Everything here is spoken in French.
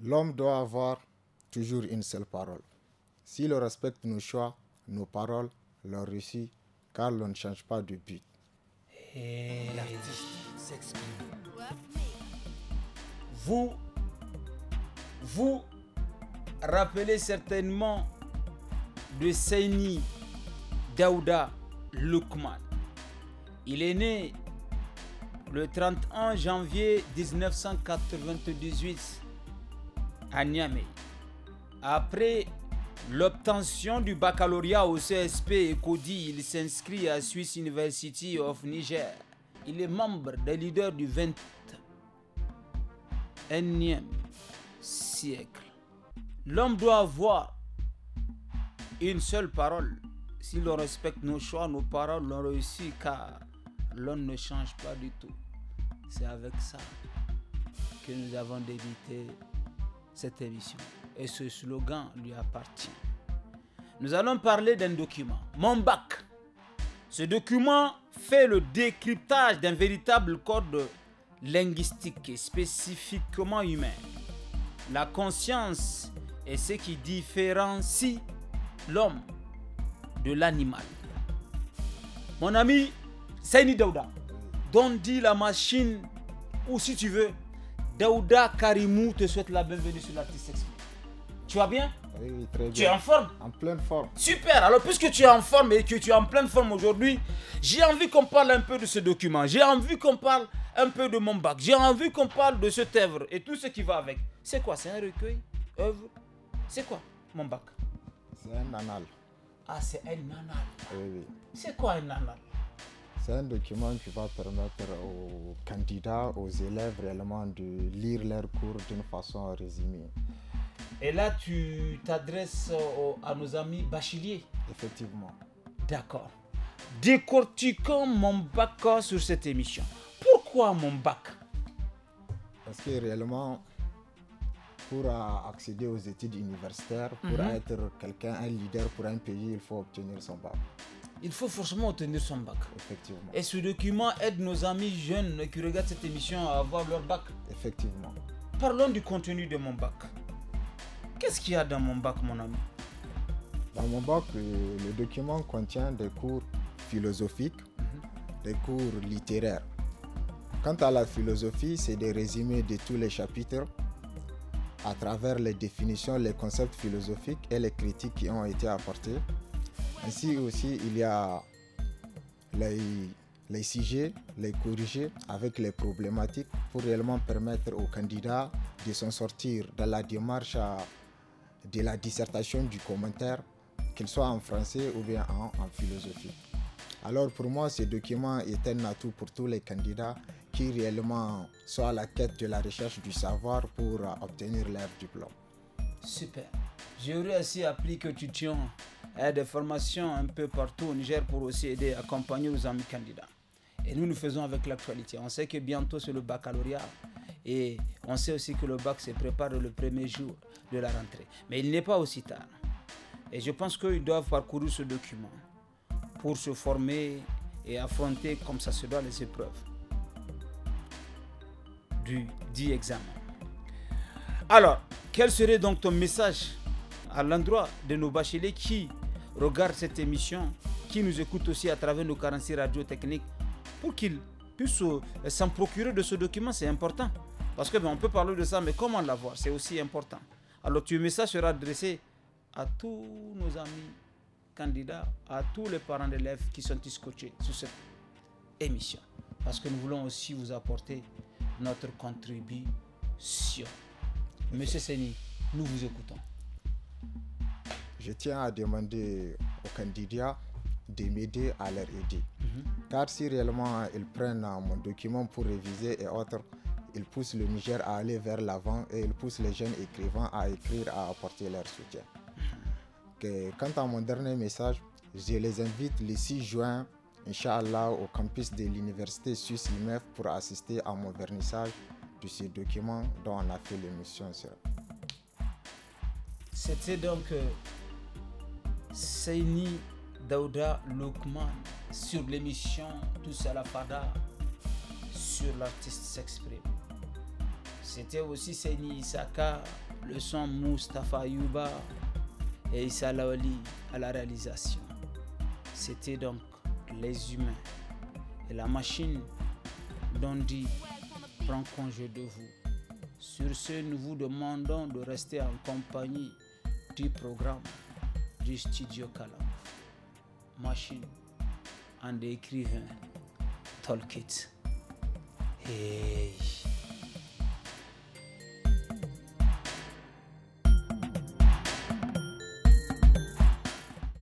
L'homme doit avoir toujours une seule parole. S'il respecte nos choix, nos paroles, leur réussit, car l'on ne change pas de but. Vous, vous rappelez certainement de Seini Daouda Lukman. Il est né le 31 janvier 1998 à Niamey. Après l'obtention du baccalauréat au CSP et il s'inscrit à Swiss University of Niger. Il est membre des leaders du 21e siècle. L'homme doit avoir une seule parole. Si l'on respecte nos choix, nos paroles, l'on réussi car l'homme ne change pas du tout. C'est avec ça que nous avons débuté cette émission. Et ce slogan lui appartient. Nous allons parler d'un document, mon bac. Ce document fait le décryptage d'un véritable code linguistique et spécifiquement humain. La conscience est ce qui différencie l'homme de l'animal. Mon ami Saini Daouda, dont dit la machine, ou si tu veux, Daouda Karimou te souhaite la bienvenue sur l'artiste expo. Tu vas bien Oui, très bien. Tu es en forme En pleine forme. Super. Alors, puisque tu es en forme et que tu es en pleine forme aujourd'hui, j'ai envie qu'on parle un peu de ce document. J'ai envie qu'on parle un peu de mon bac. J'ai envie qu'on parle de cette œuvre et tout ce qui va avec. C'est quoi C'est un recueil œuvre C'est quoi mon bac C'est un anal. Ah, c'est un anal. Oui, oui. C'est quoi un anal c'est un document qui va permettre aux candidats, aux élèves réellement de lire leurs cours d'une façon résumée. Et là, tu t'adresses à nos amis bacheliers Effectivement. D'accord. Décortiquons mon bac sur cette émission. Pourquoi mon bac Parce que réellement, pour accéder aux études universitaires, pour mhm. être quelqu'un, un leader pour un pays, il faut obtenir son bac il faut forcément obtenir son bac. Effectivement. Et ce document aide nos amis jeunes qui regardent cette émission à avoir leur bac. Effectivement. Parlons du contenu de mon bac. Qu'est-ce qu'il y a dans mon bac, mon ami Dans mon bac, euh, le document contient des cours philosophiques, mhm. des cours littéraires. Quant à la philosophie, c'est des résumés de tous les chapitres à travers les définitions, les concepts philosophiques et les critiques qui ont été apportées ainsi aussi, il y a les, les sujets, les corriger avec les problématiques pour réellement permettre aux candidats de s'en sortir dans la démarche de la dissertation, du commentaire, qu'il soit en français ou bien en, philosophie. Alors pour moi, ce document est un atout pour tous les candidats qui réellement sont à la quête de la recherche du savoir pour obtenir leur diplôme. Super. J'aurais aussi appris que tu tiens des formations un peu partout au Niger pour aussi aider, accompagner nos amis candidats. Et nous, nous faisons avec l'actualité. On sait que bientôt, c'est le baccalauréat. Et on sait aussi que le bac se prépare le premier jour de la rentrée. Mais il n'est pas aussi tard. Et je pense qu'ils doivent parcourir ce document pour se former et affronter comme ça se doit les épreuves du dit examen. Alors, quel serait donc ton message à l'endroit de nos bacheliers qui Regarde cette émission, qui nous écoute aussi à travers nos 46 radiotechniques pour qu'ils puissent euh, s'en procurer de ce document, c'est important. Parce que ben, on peut parler de ça, mais comment l'avoir, c'est aussi important. Alors ce message sera adressé à tous nos amis candidats, à tous les parents d'élèves qui sont scotchés sur cette émission. Parce que nous voulons aussi vous apporter notre contribution. Monsieur Seni, nous vous écoutons je tiens à demander aux candidats de m'aider à leur aider. Mhm. Car si réellement ils prennent euh, mon document pour réviser et autres, ils poussent le Niger à aller vers l'avant et ils poussent les jeunes écrivains à écrire, à apporter leur soutien. Mhm. quant à mon dernier message, je les invite le 6 juin, Inch'Allah, au campus de l'université suisse IMEF pour assister à mon vernissage de ces documents dont on a fait l'émission. C'était donc. Euh, Seini Daouda Lokman sur l'émission Tous à la sur l'artiste s'exprime. C'était aussi Seini Isaka, le son Mustafa Yuba et Issa à la réalisation. C'était donc les humains et la machine dit « prend congé de vous. Sur ce, nous vous demandons de rester en compagnie du programme du studio Calam. Machine and the écrivain uh, Tolkit. Hey.